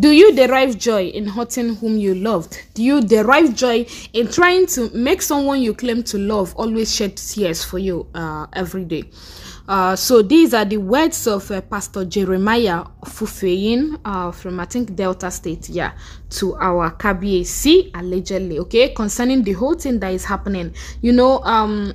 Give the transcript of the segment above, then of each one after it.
Do you derive joy in hurting whom you loved? Do you derive joy in trying to make someone you claim to love always shed tears for you uh, every day? Uh, so these are the words of uh, Pastor Jeremiah Fufeyin uh, from I think Delta State, yeah, to our KBAC allegedly, okay, concerning the whole thing that is happening. You know, um,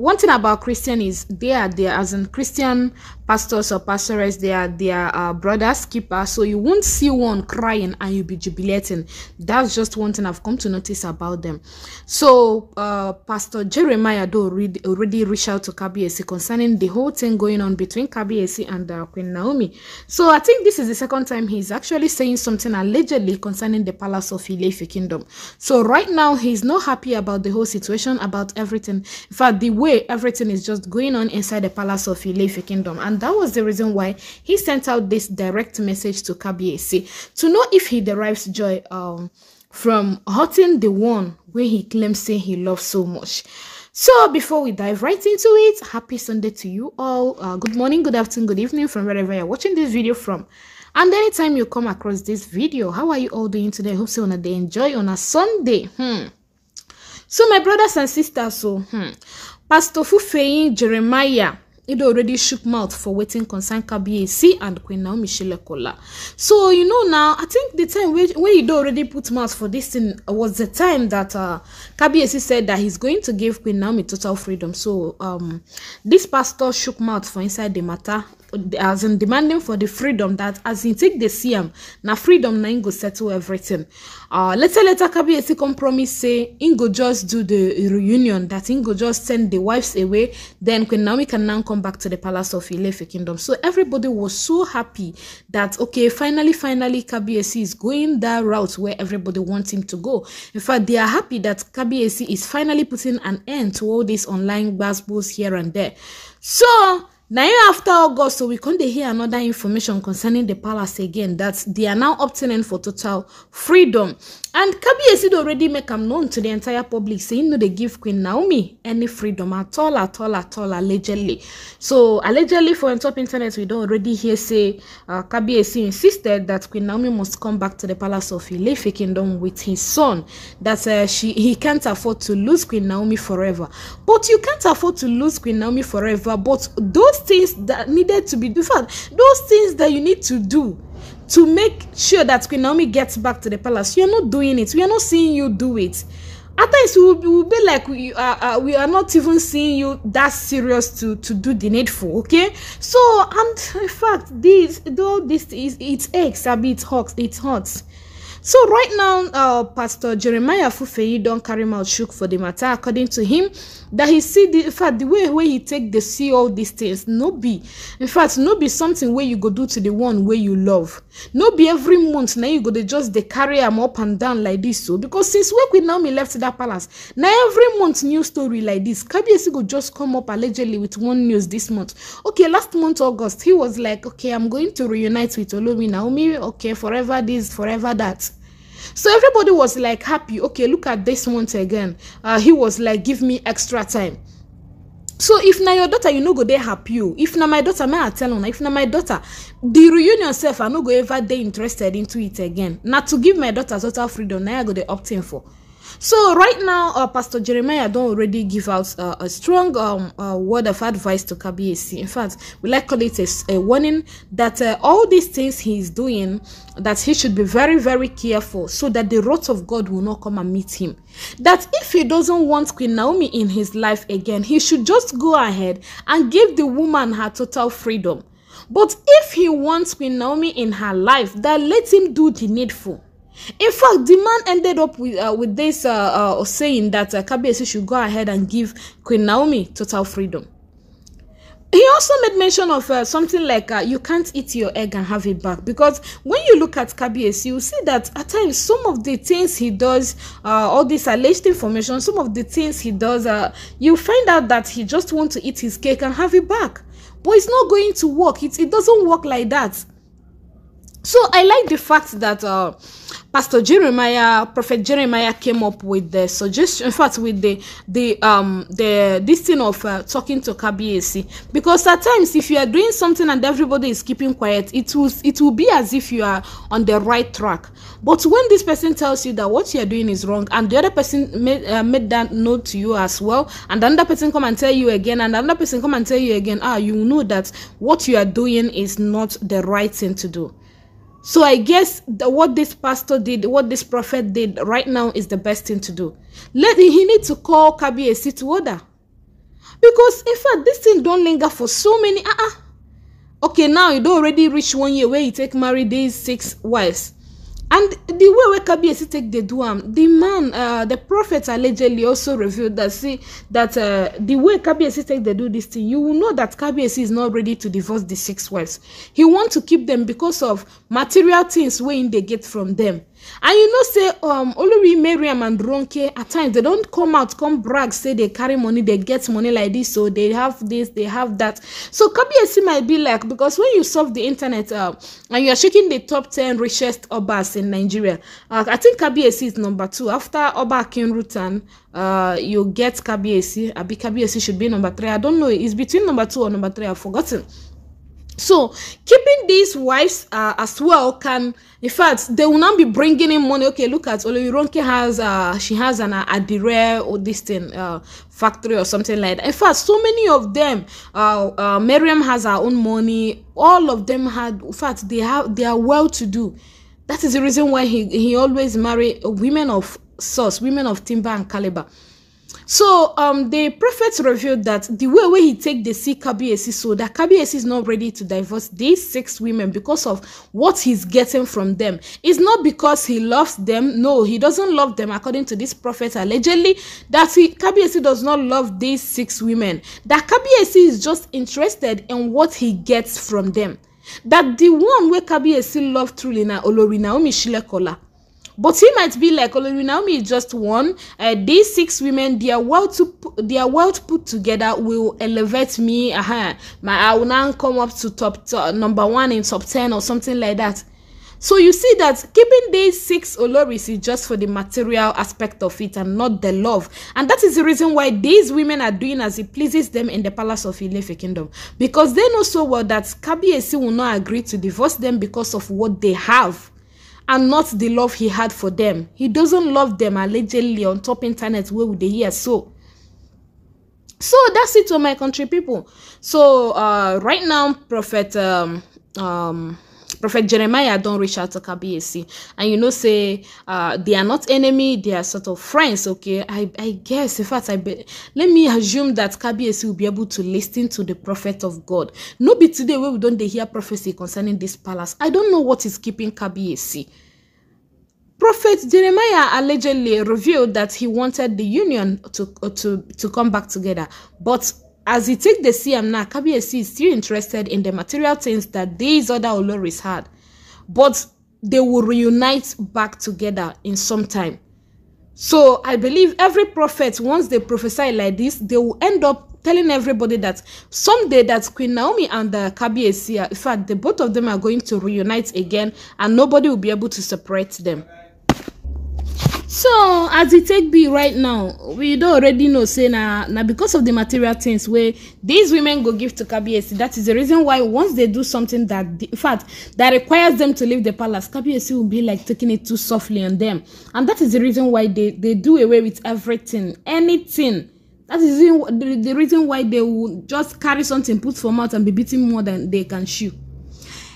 one thing about Christian is they are there as in Christian pastors or pastors, they are their uh, brothers keeper. So you won't see one crying and you'll be jubilating. That's just one thing I've come to notice about them. So uh, Pastor Jeremiah do already, already reached out to KBSC concerning the whole thing going on between KBSC and uh, Queen Naomi. So I think this is the second time he's actually saying something allegedly concerning the palace of Ilefi kingdom. So right now he's not happy about the whole situation, about everything. In fact, the way way everything is just going on inside the palace of Ilefe kingdom. And that was the reason why he sent out this direct message to Kabiesi to know if he derives joy um, from hurting the one where he claims say he loves so much. So before we dive right into it, happy Sunday to you all. Uh, good morning, good afternoon, good evening from wherever you're watching this video from. And anytime you come across this video, how are you all doing today? hope so on a day enjoy on a Sunday. Hmm. So my brothers and sisters, so hmm, Pastor Fufeyin Jeremiah it already shook mouth for waiting concern KBAC and Queen Naomi Shilekola. So, you know, now, I think the time when where already put mouth for this thing was the time that uh, KBAC said that he's going to give Queen Naomi total freedom. So, um, this pastor shook mouth for inside the matter as in demanding for the freedom that as in take the CM, now freedom now im go settle everything uh, later later kabiyesi come promise say ingo go just do the reunion that ingo go just send the wives away then queen naomi can now come back to the palace of ilefe kingdom so everybody was so happy that okay finally finally kabiyesi is going that route where everybody wants him to go in fact they are happy that kabiyesi is finally putting an end to all these online gbasgbos here and there so now after August, so we can't hear another information concerning the palace again that they are now obtaining for total freedom. And Kabi Esid already make them known to the entire public, saying no, they give Queen Naomi any freedom at all, at all, at all, allegedly. So allegedly for on top internet, we don't already hear say uh, Kabi Esid insisted that Queen Naomi must come back to the palace of Ilefe Kingdom with his son, that uh, she he can't afford to lose Queen Naomi forever. But you can't afford to lose Queen Naomi forever, but those things that needed to be done, those things that you need to do to make sure that Queen Naomi gets back to the palace you're not doing it we are not seeing you do it at times we will be, we'll be like we are uh, uh, we are not even seeing you that serious to to do the needful okay so and in fact this though this is it aches a bit hurts it hurts So right now, uh, Pastor Jeremiah Fufeyi don't carry mouth shook for the matter according to him that he see the in fact the way wey he take the see all these things no be in fact no be something where you go do to the one where you love no be every month now you go to just dey carry him up and down like this so oh. because since wey queen naomi left that palace now every month new story like this kabiyesi go just come up allegedly with one news this month okay last month august he was like okay i'm going to reunite with olori naomi okay forever this forever that So everybody was like happy. Okay, look at this once again. Uh, he was like, give me extra time. so if na your daughter you no go dey happy o if na my daughter may i tell una if na my daughter the reunion sef i no go ever dey interested into it again na to give my daughter total freedom na i go dey opt in for So right now, uh, Pastor Jeremiah don't already give out uh, a strong um, uh, word of advice to KBAC. In fact, we like call it a, a warning that uh, all these things he is doing, that he should be very, very careful so that the wrath of God will not come and meet him. That if he doesn't want Queen Naomi in his life again, he should just go ahead and give the woman her total freedom. But if he wants Queen Naomi in her life, then let him do the needful. In fact, the man ended up with uh, with this uh, uh, saying that uh, should go ahead and give Queen Naomi total freedom. He also made mention of uh, something like uh, you can't eat your egg and have it back because when you look at Kabiyesi, you see that at times some of the things he does, uh, all this alleged information, some of the things he does, uh, you find out that he just wants to eat his cake and have it back. But it's not going to work. It, it doesn't work like that. So I like the fact that uh, Pastor Jeremiah, Prophet Jeremiah, came up with the suggestion. In fact, with the the um the this thing of uh, talking to KBAC, because at times if you are doing something and everybody is keeping quiet, it will it will be as if you are on the right track. But when this person tells you that what you are doing is wrong, and the other person made uh, made that note to you as well, and another person come and tell you again, and another person come and tell you again, ah, you know that what you are doing is not the right thing to do. So I guess the, what this pastor did, what this prophet did right now is the best thing to do. Let he need to call Kabiyesi to order. Because in fact, this thing don't linger for so many. Uh -uh. Okay, now you don't already reach one year where you take marry these six wives and the way wey kabiyesi take dey do am the man uh, the prophet allegedly also revealed that see that uh, the way kabiyesi take dey do this thing you will know that kabiyesi is not ready to divorce the six wives he want to keep them because of material things wey him dey get from them and you know say um olori mariam and ronke at times they don come out come brag say they carry money they get money like this so they have this they have that so kabiyesi might be like because when you surf the internet uh, and you are checking the top ten richest obas in nigeria uh, i think kabiyesi is number two after oba akinrutan uh, you get kabiyesi abi kabiyesi should be number three i don't know it's between number two or number three I forgotten. So keeping these wives uh, as well can, in fact, they will not be bringing in money. Okay, look at Oloironke has, uh, she has an uh, Adire or this thing, uh, factory or something like that. In fact, so many of them, uh, uh, Miriam has her own money. All of them had, in fact, they have, they are well to do. That is the reason why he, he always marry women of source, women of timber and caliber. So um, the prophet revealed that the way where he take the see Kabiesi, so that Kabiesi is not ready to divorce these six women because of what he's getting from them. It's not because he loves them. No, he doesn't love them according to this prophet allegedly that he, Kabiesi does not love these six women. That Kabiesi is just interested in what he gets from them. That the one where Kabiesi loved truly na Olori Naomi Shilekola But he might be like Olori Naomi is just one. Uh, these six women, they are well to they are well put together will elevate me. Uh-huh. My I will now come up to top to, uh, number one in top ten or something like that. So you see that keeping these six Oloris is just for the material aspect of it and not the love. And that is the reason why these women are doing as it pleases them in the palace of Ilefe kingdom. Because they know so well that Kabiesi will not agree to divorce them because of what they have and not the love he had for them he doesn't love them allegedly on top internet Where would they hear so so that's it to my country people so uh right now prophet um um prophet jeremiah don't reach out to kabiyesi and you know say uh, they are not enemy they are sort of friends okay i i guess in fact i be let me assume that kabiyesi will be able to listen to the prophet of god no be today where we don dey hear prophecy concerning this palace i don't know what is keeping kabiyesi. Prophet Jeremiah allegedly revealed that he wanted the union to, to, to come back together, but as you take the CM now, KBSC is still interested in the material things that these other Oloris had, but they will reunite back together in some time. So I believe every prophet, once they prophesy like this, they will end up telling everybody that someday that Queen Naomi and the Kabi in fact, the both of them are going to reunite again and nobody will be able to separate them. so as e take be right now we don already know say na na because of the material things wey these women go give to kabiyesi that is the reason why once they do something that in fact that requires them to leave the palace kabiyesi will be like taking it too softly on them and that is the reason why they they do away with everything anything that is the, the reason why they will just carry something put for mouth and be beating more than they can chew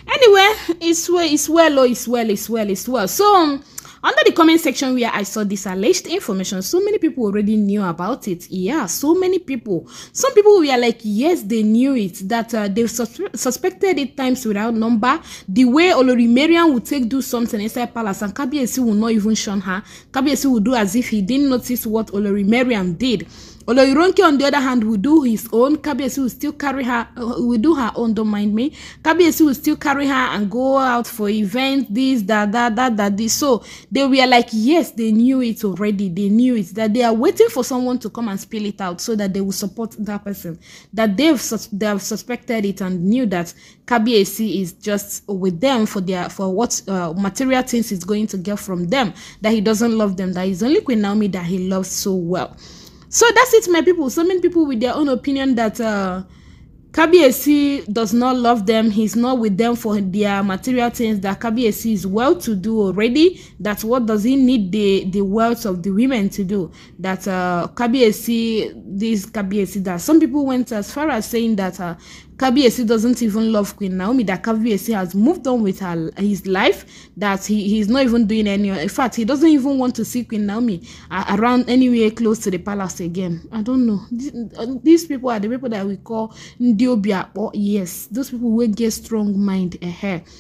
anyway it's well it's well oh it's well it's well it's well so. Um, Under the comment section where I saw this alleged information, so many people already knew about it. Yeah, so many people. Some people were like, yes, they knew it, that uh, they sus suspected it times without number. The way Olori Mariam would take do something inside palace and Kabiesi will not even shun her. Kabiesi will do as if he didn't notice what Olori Mariam did. Oloironke, on the other hand, will do his own. Kabiyesi will still carry her, uh, will do her own, don't mind me. Kabiyesi will still carry her and go out for events, this, that, that, that, that, this. So they were like, yes, they knew it already. They knew it, that they are waiting for someone to come and spill it out so that they will support that person. That they've they have suspected it and knew that Kabiyesi is just with them for their for what uh, material things he's going to get from them. That he doesn't love them. That he's only Queen Naomi that he loves so well. So that's it, my people. So many people with their own opinion that uh, Kabiesi does not love them. He's not with them for their material things. That Kabiesi is well to do already. That what does he need the the wealth of the women to do? That uh, Kabiesi this Kabiesi that some people went as far as saying that uh, Kabiesi doesn't even love Queen Naomi, that Kabiesi has moved on with her, his life, that he, he's not even doing any. In fact, he doesn't even want to see Queen Naomi uh, around anywhere close to the palace again. I don't know. These, uh, these people are the people that we call Ndiobia. Or, yes, those people will get strong mind ahead. Uh, eh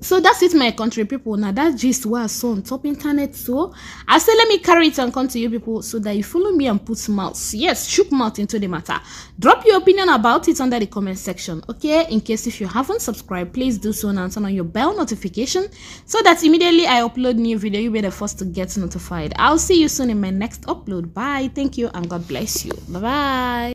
so that's it my country people now that what was saw on top internet so i say let me carry it and come to you people so that you follow me and put mouth yes shook mouth into the matter drop your opinion about it under the comment section okay in case if you haven't subscribed please do so and turn on your bell notification so that immediately i upload new video you'll be the first to get notified i'll see you soon in my next upload bye thank you and god bless you bye bye